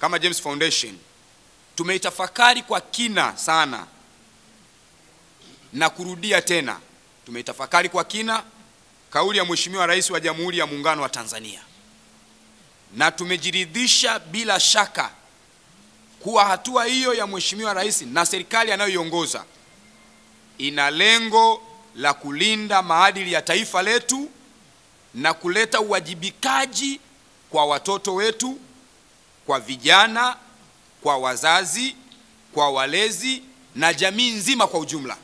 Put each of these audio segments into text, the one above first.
kama James Foundation tumeitafakari kwa kina sana na kurudia tena, tumeitafakari kwa kina kauli ya Mheshimiwa Rais wa Jamhuri ya Muungano wa Tanzania na tumejiridhisha bila shaka kuwa hatua hiyo ya Mheshimiwa Rais na serikali anayoiongoza ina lengo la kulinda maadili ya taifa letu na kuleta uwajibikaji kwa watoto wetu kwa vijana, kwa wazazi, kwa walezi na jamii nzima kwa ujumla.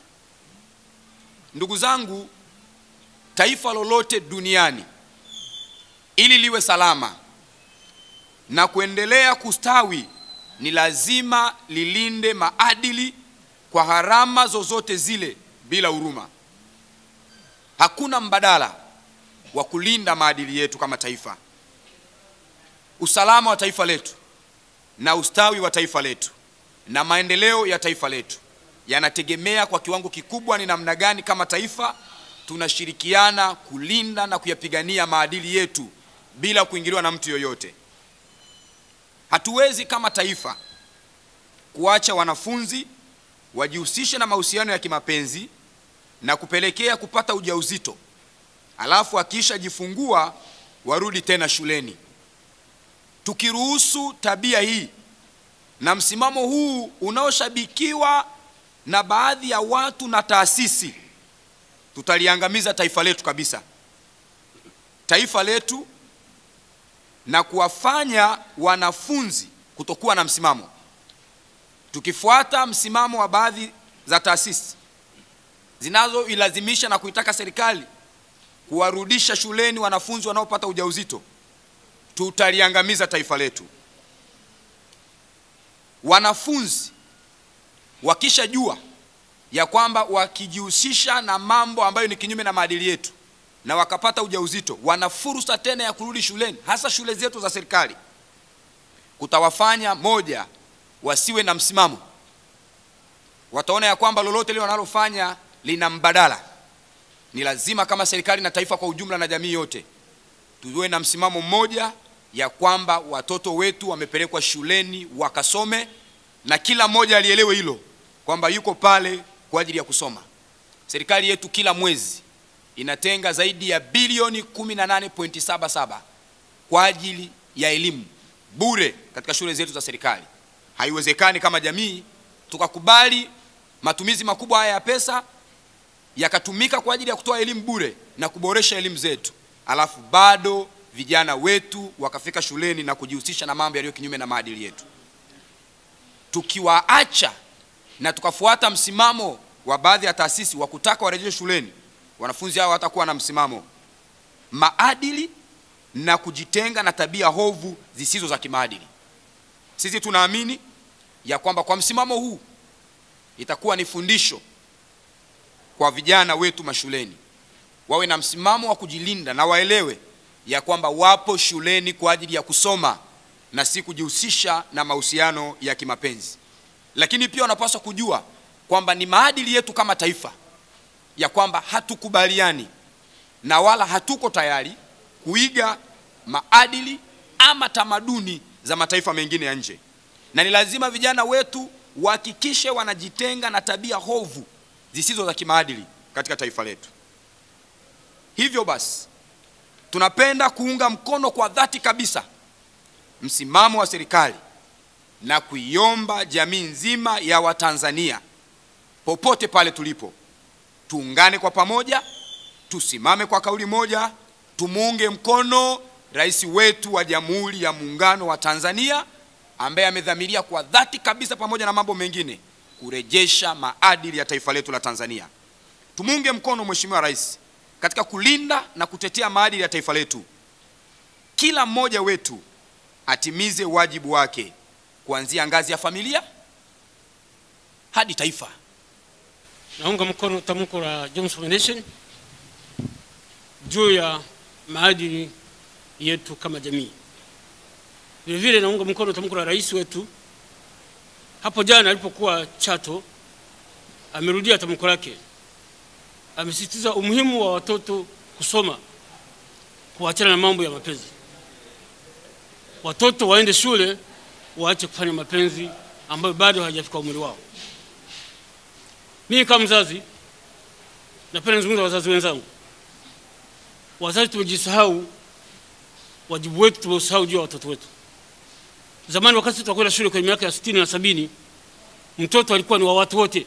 Ndugu zangu, taifa lolote duniani ili liwe salama na kuendelea kustawi ni lazima lilinde maadili kwa gharama zozote zile bila huruma. Hakuna mbadala wa kulinda maadili yetu kama taifa usalama wa taifa letu na ustawi wa taifa letu na maendeleo ya taifa letu yanategemea kwa kiwango kikubwa ni namna gani kama taifa tunashirikiana kulinda na kuyapigania maadili yetu bila kuingiliwa na mtu yoyote. Hatuwezi kama taifa kuacha wanafunzi wajihusishe na mahusiano ya kimapenzi na kupelekea kupata ujauzito, alafu akisha jifungua warudi tena shuleni tukiruhusu tabia hii na msimamo huu unaoshabikiwa na baadhi ya watu na taasisi, tutaliangamiza taifa letu kabisa, taifa letu na kuwafanya wanafunzi kutokuwa na msimamo. Tukifuata msimamo wa baadhi za taasisi zinazoilazimisha na kuitaka serikali kuwarudisha shuleni wanafunzi wanaopata ujauzito tutaliangamiza taifa letu. Wanafunzi wakishajua ya kwamba wakijihusisha na mambo ambayo ni kinyume na maadili yetu na wakapata ujauzito, wana fursa tena ya kurudi shuleni, hasa shule zetu za serikali. Kutawafanya moja, wasiwe na msimamo, wataona ya kwamba lolote lile wanalofanya lina mbadala. Ni lazima kama serikali na taifa kwa ujumla na jamii yote tuwe na msimamo mmoja ya kwamba watoto wetu wamepelekwa shuleni wakasome, na kila mmoja alielewe hilo kwamba yuko pale kwa ajili ya kusoma. Serikali yetu kila mwezi inatenga zaidi ya bilioni 18.77 kwa ajili ya elimu bure katika shule zetu za serikali. Haiwezekani kama jamii tukakubali matumizi makubwa haya ya pesa yakatumika kwa ajili ya kutoa elimu bure na kuboresha elimu zetu, alafu bado vijana wetu wakafika shuleni na kujihusisha na mambo yaliyo kinyume na maadili yetu. Tukiwaacha na tukafuata msimamo wa baadhi ya taasisi wa kutaka warejeshe shuleni, wanafunzi hao watakuwa na msimamo, maadili na kujitenga na tabia hovu zisizo za kimaadili. Sisi tunaamini ya kwamba kwa msimamo huu itakuwa ni fundisho kwa vijana wetu mashuleni, wawe na msimamo wa kujilinda na waelewe ya kwamba wapo shuleni kwa ajili ya kusoma na si kujihusisha na mahusiano ya kimapenzi. Lakini pia wanapaswa kujua kwamba ni maadili yetu kama taifa ya kwamba hatukubaliani na wala hatuko tayari kuiga maadili ama tamaduni za mataifa mengine ya nje, na ni lazima vijana wetu wahakikishe wanajitenga na tabia hovu zisizo za kimaadili katika taifa letu. Hivyo basi tunapenda kuunga mkono kwa dhati kabisa msimamo wa serikali na kuiomba jamii nzima ya Watanzania popote pale tulipo, tuungane kwa pamoja, tusimame kwa kauli moja, tumuunge mkono rais wetu wa Jamhuri ya Muungano wa Tanzania ambaye amedhamiria kwa dhati kabisa, pamoja na mambo mengine, kurejesha maadili ya taifa letu la Tanzania. Tumuunge mkono Mheshimiwa Rais katika kulinda na kutetea maadili ya taifa letu. Kila mmoja wetu atimize wajibu wake kuanzia ngazi ya familia hadi taifa. Naunga mkono tamko la Jones Foundation juu ya maadili yetu kama jamii. Vilevile naunga mkono tamko la rais wetu hapo jana alipokuwa Chato, amerudia tamko lake amesisitiza umuhimu wa watoto kusoma, kuachana na mambo ya mapenzi. Watoto waende shule, waache kufanya mapenzi ambayo bado hawajafika umri wao. Mimi kama mzazi napenda nizungumza wazazi wenzangu. Wazazi tumejisahau, wajibu wetu tumeusahau juu ya watoto wetu. Zamani wakati tunakwenda shule kwenye miaka ya sitini na sabini, mtoto alikuwa ni wa watu wote,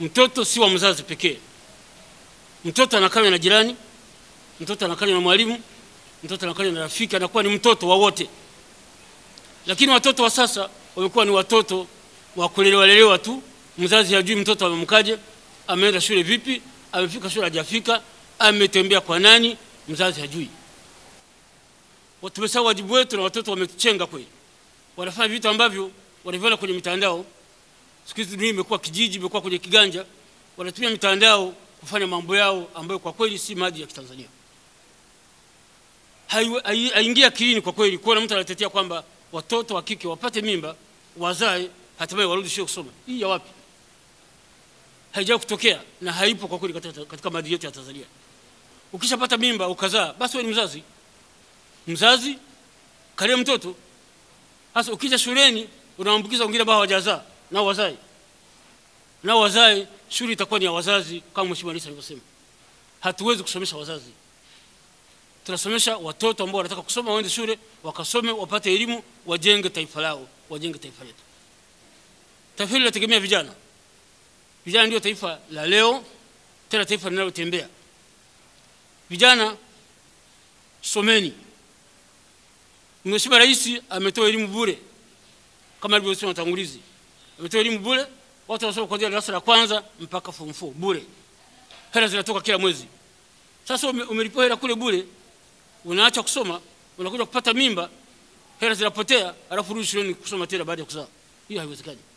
mtoto si wa mzazi pekee mtoto anakanywa na jirani mtoto anakanywa na mwalimu mtoto anakanywa na rafiki anakuwa ni mtoto wa wote lakini watoto wa sasa wamekuwa ni watoto wa kulelewalelewa tu mzazi hajui mtoto amemkaje ameenda shule vipi amefika shule hajafika ametembea kwa nani mzazi hajui tumesahau wajibu wetu na watoto wametuchenga kweli wanafanya vitu ambavyo wanaviona kwenye mitandao siku hizi dunia imekuwa kijiji imekuwa kwenye kiganja wanatumia mitandao kufanya mambo yao ambayo kwa kweli si maji ya Kitanzania. Haingia hai, akilini kwa kweli kuona mtu anatetea kwamba watoto wa kike wapate mimba, wazae, hatimaye warudi shule kusoma. Hii ya wapi? Haijawahi kutokea na haipo kwa kweli katika, katika maadili yetu ya Tanzania. Ukishapata mimba ukazaa, basi wewe ni mzazi. Mzazi kalia mtoto. Sasa ukija shuleni unaambukiza wengine ambao hawajazaa nao wazae, nao wazae shule itakuwa ni ya wazazi kama mheshimiwa rais alivyosema. Hatuwezi kusomesha wazazi, tunasomesha watoto ambao wanataka kusoma, waende shule wakasome, wapate elimu, wajenge taifa lao, wajenge taifa letu. Taifa hili linategemea vijana. Vijana ndio taifa la leo, tena taifa linalotembea. Vijana someni. Mheshimiwa Rais ametoa elimu bure kama alivyosema mtangulizi, ametoa elimu bure watu wanasoma kuanzia darasa la kwanza mpaka form 4 bure, hela zinatoka kila mwezi. Sasa umelipewa hela kule bure, unaacha kusoma, unakuja kupata mimba, hela zinapotea, alafu rudi shuleni kusoma tena baada ya kuzaa. Hiyo haiwezekani.